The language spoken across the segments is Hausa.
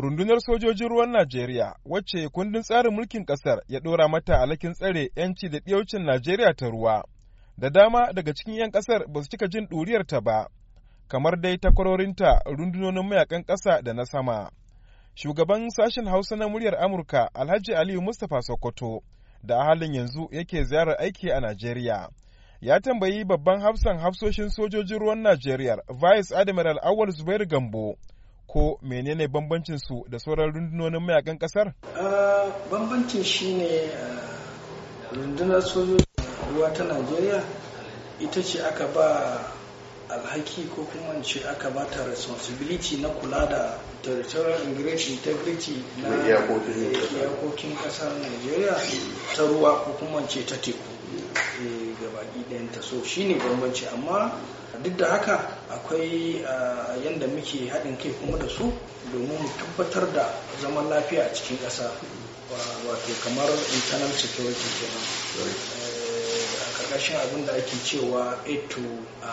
Rundunar sojojin ruwan Najeriya, wacce kundin tsarin mulkin ƙasar ya ɗora mata alakin tsare 'yanci da ɗiyaucin Najeriya ta ruwa, da dama daga cikin 'yan ƙasar ba su cika jin ɗuriyarta ba, kamar dai ta takwarorinta rundunonin mayakan ƙasa da na sama. Shugaban sashen Hausa na muryar Amurka Alhaji Aliyu Mustapha Sokoto, da a halin yanzu yake ziyarar aiki a Najeriya. Ya tambayi babban hafsan hafsoshin sojojin ruwan Najeriya, Vice Admiral Awal Zubairu Gambo, ko menene bambancin su da sauran rundunonin mayakan kasar? Ah, bambancin shi ne ah, rundunar sojoji ruwa ta najeriya ita ce aka ba alhaki ko kuma ce aka ba ta responsibility na kula da territorial integrity na iyakokin kasar najeriya ta ruwa ko kuma ce ta teku eh, baki ta so shi ne bambanci amma duk da haka akwai yadda muke haɗin kai kuma da su domin mu tabbatar da zaman lafiya a cikin ƙasa wato kamar internal security kenan eh, a ƙarƙashin abin da ake cewa a to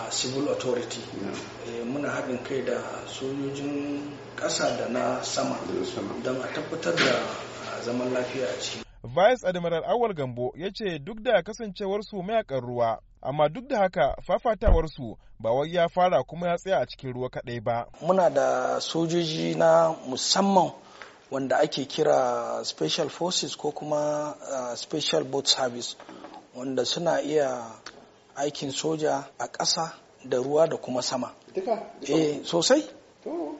civil authority eh, muna haɗin kai da sojojin ƙasa da na sama don a tabbatar da zaman lafiya a cikin. vice admiral awal gambo ya ce duk da kasancewarsu mayakan ruwa amma duk da haka fafatawarsu ba wai ya fara kuma ya tsaya a cikin ruwa kaɗai ba muna da sojoji na musamman wanda ake kira special forces ko kuma uh, special boat service wanda suna iya aikin soja a ƙasa da ruwa da kuma sama eh, sosai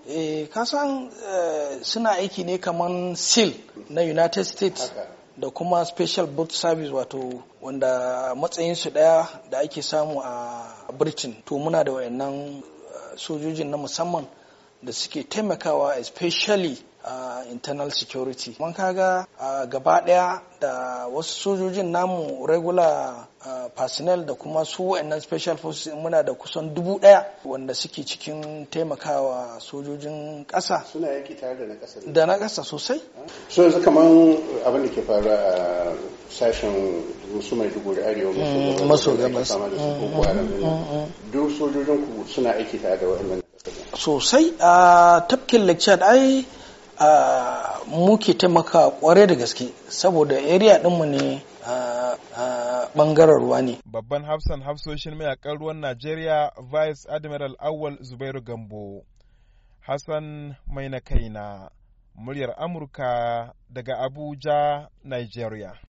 eh kasan uh, suna aiki ne kamar seal na united states da kuma special boat service wato wanda matsayinsu daya da ake samu a birkin to muna da wayannan eh, sojojin na musamman da suke taimakawa especially uh, internal security mun kaga uh, gaba daya da wasu sojojin namu regular uh, personnel da kuma su wa'annan special forces muna da kusan dubu daya wanda suke cikin taimakawa sojojin ƙasa suna yaki tare da na ƙasa da na ƙasa sosai so yanzu kaman abin da ke fara a sashen musu mai dubu da arewa maso mm, gabas mm, mm, duk sojojin ku suna aiki tare da wa'annan sosai a tafkin lecture ai muke taimaka kware da gaske saboda area mu ne bangaren ruwa ne. Babban hafsan hafsoshin mayakan ruwan Najeriya Vice Admiral Awal Zubairu Gambo. Hassan mai na kaina, muryar Amurka daga Abuja, Nigeria.